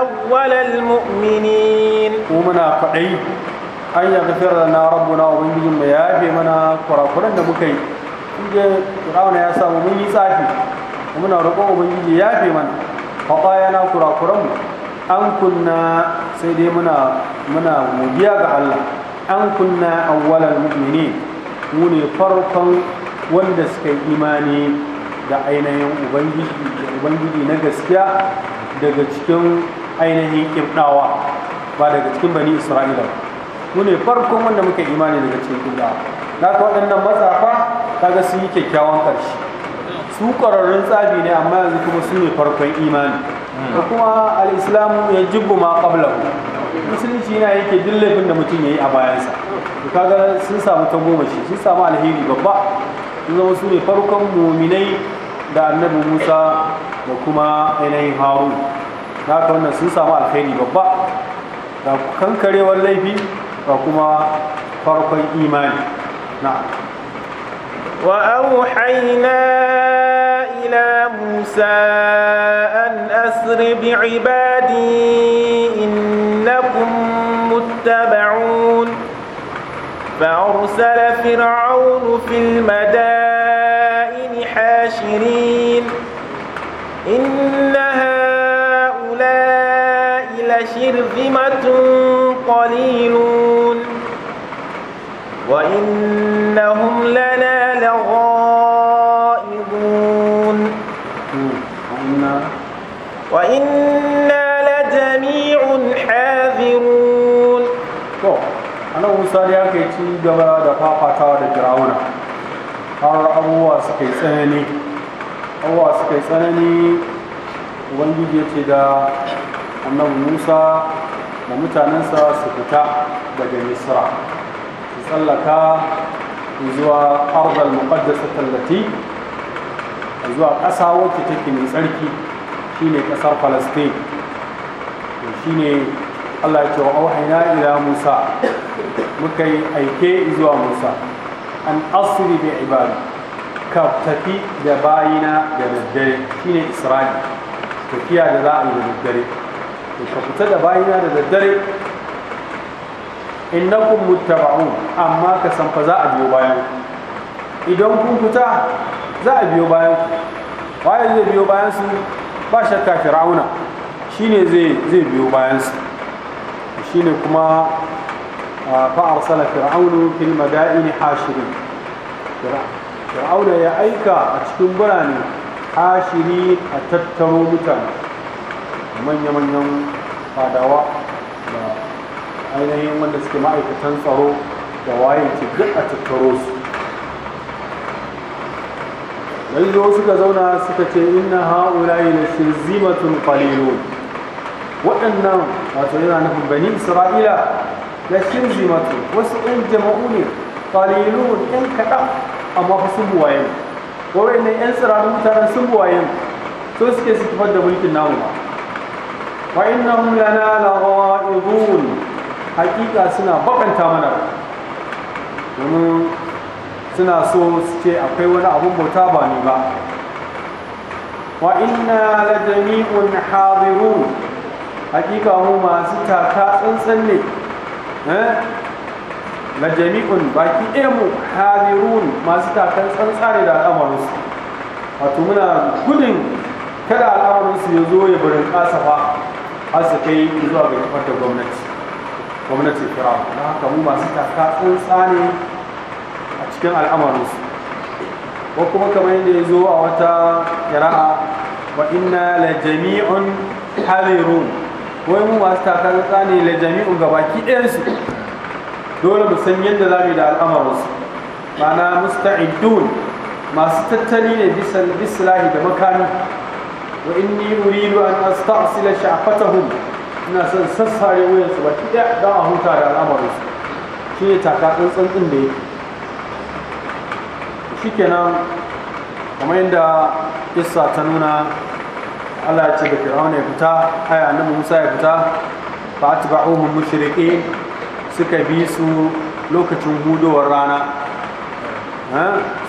awwalal mu'minin ko muna kwadai an ya da na rabbuna wa bangijin mai yafe mana kurakuran da muka yi inda firawuna ya samu mun yi tsafi muna roƙon bangiji ya yafe mana faɗa yana kurakuran mu an kunna sai dai muna muna godiya ga Allah an kunna awwalal mu'minin mu ne farkon wanda suka yi imani da ainihin ubangiji da na gaskiya daga cikin ainihin kirɗawa ba daga cikin bani isra'ila ba mu ne farkon wanda muke imani daga cikin bid'a na ka waɗannan matsafa ga sun yi kyakkyawan ƙarshe su ƙwararrun tsabi ne amma yanzu kuma su ne farkon imani da kuma al'islamu ya jibbu ma ku musulunci yana yake duk laifin da mutum ya yi a bayansa kaga sun samu ta goma shi sun samu alheri babba sun zama su ne farkon muminai da annabi musa da kuma ainihin haru na ka wannan sun samu alheri babba da kankarewar laifi ga kuma farkon نعم وأوحينا إلى موسى أن أسر بعبادي إنكم متبعون فأرسل فرعون في المدائن حاشرين إن هؤلاء لشرذمة قليلون وإنهم لنا لغائبون وإنا لجميع حاذرون أنا Musa ya kai ci gaba da fafatawa da Firawuna har abubuwa suka yi tsanani abubuwa tsanani ubangiji ya ce da annabi Musa da mutanensa su fita daga Misra tsallaka zuwa ardal muqaddasa tallati zuwa ƙasa wacce take mai tsarki shine ƙasar falastin shine allah ya ce wa auhaina ila musa muka yi aike zuwa musa an asiri bi ibadi ka tafi da bayina da daddare shine isra'i tafiya da za a yi da daddare ka fita da bayina da daddare innakum muttaba'un amma ka san fa za a biyo bayan idan kun fita za a biyo bayan waye zai biyo bayan su ba shakka fir'auna shine zai zai biyo bayan su shine kuma fa arsala fir'aunu fil madaini hashirin fir'auna ya aika a cikin birane hashiri a tattaro mutane manya-manyan fadawa ainihin wanda suke ma'aikatan tsaro da waye ke duk a tattaro su yanzu suka zauna suka ce inna ha'ula'i la shirzimatun qalilun waɗannan wato yana nufin bani isra'ila la shirzimatun wasu ɗan jama'u ne qalilun ɗan kaɗan amma fa sun buwaye ne yan tsirarin mutanen sun buwaye so suke su kifar da mulkin namu ba Fa wa innahum lana lagha'idun hakika suna bakanta mana domin suna so su ce akwai wani abun bauta ba ne ba wa inna la jami'un hadiru hakika mu masu taka tsantsan ne eh? la jami'un baki ɗaya mu hadirun masu takan ne da su wato muna gudun kada su ya zo ya barin kasafa har su kai zuwa ga kafar da gwamnati gwamnatin firawa na haka mu masu taka tsantsa ne a cikin al'amarinsu ko kuma kamar yadda ya zo a wata kira'a wa inna la jami'un hadirun wai mu masu taka tsantsa ne la jami'un gabaki ɗayansu dole mu san yadda za mu yi da al'amarinsu ma'ana musta'idun masu tattali ne bisa bislahi da makami wa inni uridu an astasila sha'fatahum ina son sassare wayar su baki ɗaya don a huta da al'amarin su shi ne taka tsantsan ɗin da yake shi kenan kamar yadda kissa ta nuna Allah ya ce da firawun ya fita aya na Musa ya fita ba a tuba umar mushrike suka bi su lokacin hudowar rana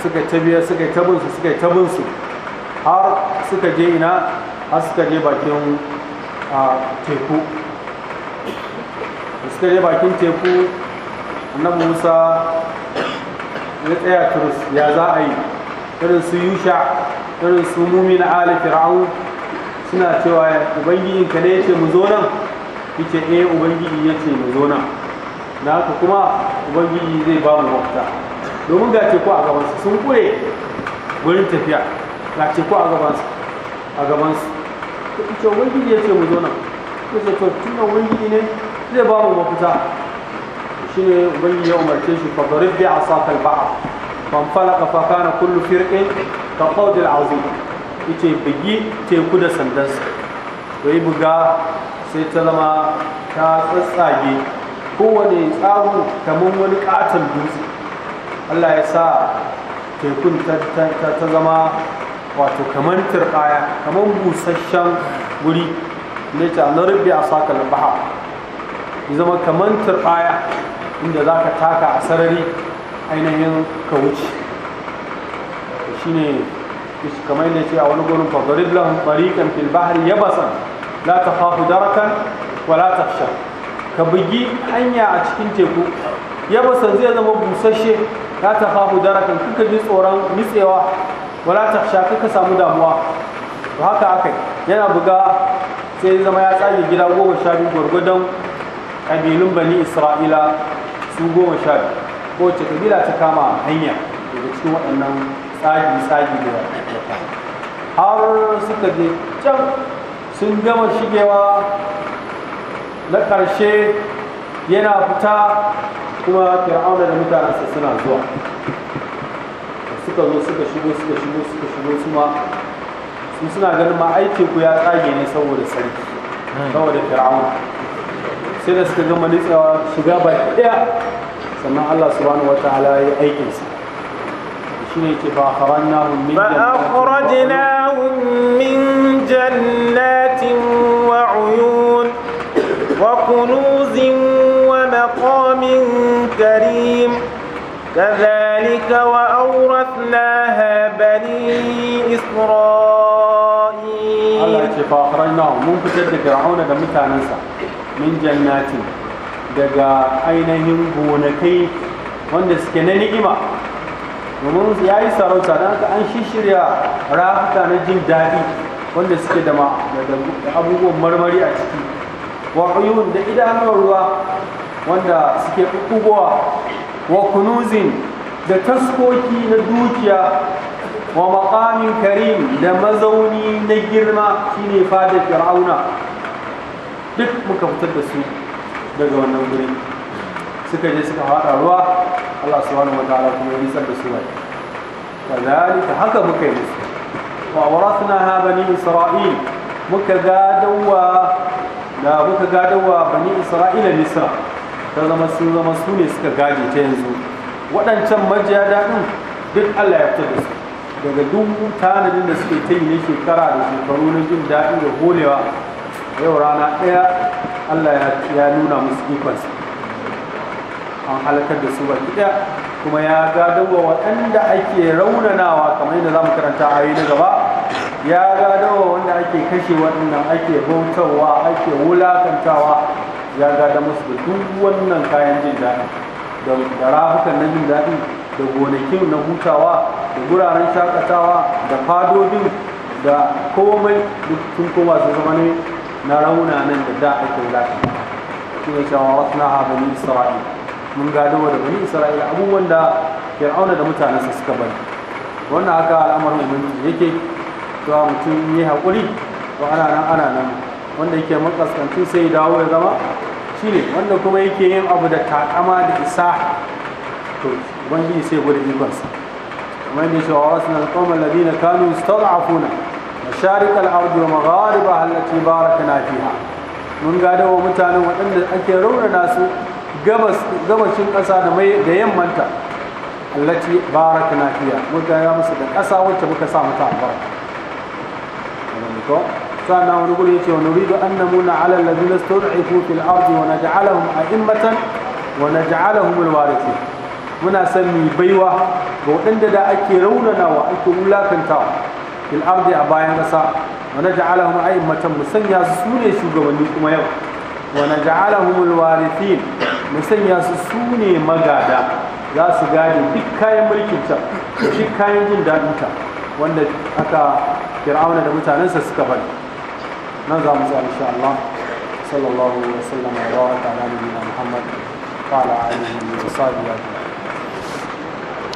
suka tabiya suka tabin su suka tabin su har suka je ina har suka je bakin a teku da suka je bakin teku annabi musa ya tsaya turus ya za a yi irin su yusha irin su na ali fir'aun suna cewa ubangiji ka ne ya ce mu zo nan yace eh ubangiji ya ce mu zo nan na haka kuma ubangiji zai ba mu mafita domin ga teku a gabansu sun kure wurin tafiya ga teku a gabansu ta ce ubangiji ya ce mu zo nan ta ce to tun da ubangiji ne zai ba mu mafita shi ne ubangiji ya umarce shi fa bari bi a sa kalba'a fan falaka fa kana kullu firqin ka qawdil azim yace bigi teku da sandansa to yi buga sai ta zama ta tsatsage kowane tsamu kamar wani katon dutse Allah ya sa tekun ta zama wato kamar turbaya kamar busasshen guri ne ta na rubi a sakalin baha zama kamar turbaya inda za ka taka a sarari ainihin ka wuce shi ne kamar yadda ce a wani gurin fagarid lahun barikan fil bahari yabasan la ta fafu darakan wala ta ka bugi hanya a cikin teku yabasan zai zama busasshe la ta fafu darakan kuka ji tsoron nitsewa wala ta shafi ka samu damuwa to haka aka yana buga sai zama ya tsage gida goma sha biyu gwargwadon ƙabilun bani isra'ila su goma sha biyu kowace ƙabila ta kama hanya daga cikin waɗannan tsagi-tsagi da har suka je can sun gama shigewa na ƙarshe yana fita kuma fir'auna da mutanensa suna zuwa suka zo suka shigo suka shigo suka shigo kuma su suna ganin ma aiki ku ya tsage ne saboda sarki hmm. saboda fir'auna sai da suka gama nitsawa shiga ba daya sannan Allah subhanahu wataala ya aikin sa shine yake fa akhrajnahum min akhrajnahum min jannatin wa uyun wa kunuzin wa maqamin karim كذلك ذلك وأورثناها بني إسرائيل الله يتفى أخرجناهم من فتد فرعون دمتا ننسى من جنات daga ainihin gonakai wanda suke na ni'ima domin ya yi sarauta don haka an shishirya rafuka na jin daɗi wanda suke da abubuwan marmari a ciki wa'uyun da ruwa wanda suke ƙuƙuwa wa kunuzin da taskoki na dukiya wa maqamin karim da mazauni na girma shine fadar fir'auna duk muka fitar da su daga wannan gurin suka je suka haɗa ruwa Allah subhanahu wataala kuma ya nisar da su bai kazalika haka muka yi musu wa awrathna ha bani isra'il muka gadawa da muka gadawa bani isra'ila misra ta zama sun zama su ne suka gaje ta yanzu waɗancan majiya daɗin duk Allah ya fitar da su daga duk tanadin da suke ta yi na shekara da shekaru na jin daɗi da holewa yau rana ɗaya Allah ya nuna musu ikonsa an halakar da su baki ɗaya kuma ya gadawa waɗanda ake raunanawa kamar yadda za mu karanta a na gaba ya gadawa wanda ake kashe waɗannan ake bautawa ake wulakantawa ya gada musu da duk wannan kayan jin daɗi da rafukan na jin daɗi da gonakin na hutawa da guraren shakatawa da fadodin da komai duk sun koma su zama ne na rauna nan da da ake lafi shi ne cewa wasu na ne isra'ila mun gado da bani isra'ila abubuwan da auna da su suka bari wannan haka al'amarin ubangiji yake cewa mutum ya haƙuri to ana nan ana nan wanda yake makaskanci sai dawo ya zama shi ne wanda kuma yake yin abu da takama da isa to ubangiji sai gwada ikonsa kamar da cewa wasu na labi na kanu stad'afuna da al-ardi wa magharibaha allati barakna fiha mun gada wa mutanen waɗanda ake raunana su gabashin ƙasa da mai da yammanta allati barakna fiha gaya musu da ƙasa wacce muka sa mata sannan wani guri yace wa nuridu an na namuna ala alladhina istud'ifu fil arzi wa naj'alahum a'immatan wa naj'alahum ce muna san mu baiwa ga waɗanda da ake wa ake wulakantawa fil arzi a bayan ƙasa wa a a'immatan mu sanya su ne shugabanni kuma yau wa naj'alahum alwarithin mu sanya su su ne magada za su gane duk kayan mulkin ta da duk kayan jin daɗin ta wanda aka fir'auna da mutanensa suka bari نظام إن شاء الله صلى الله وسلم وبارك على نبينا محمد وعلى آله وصحبه أجمعين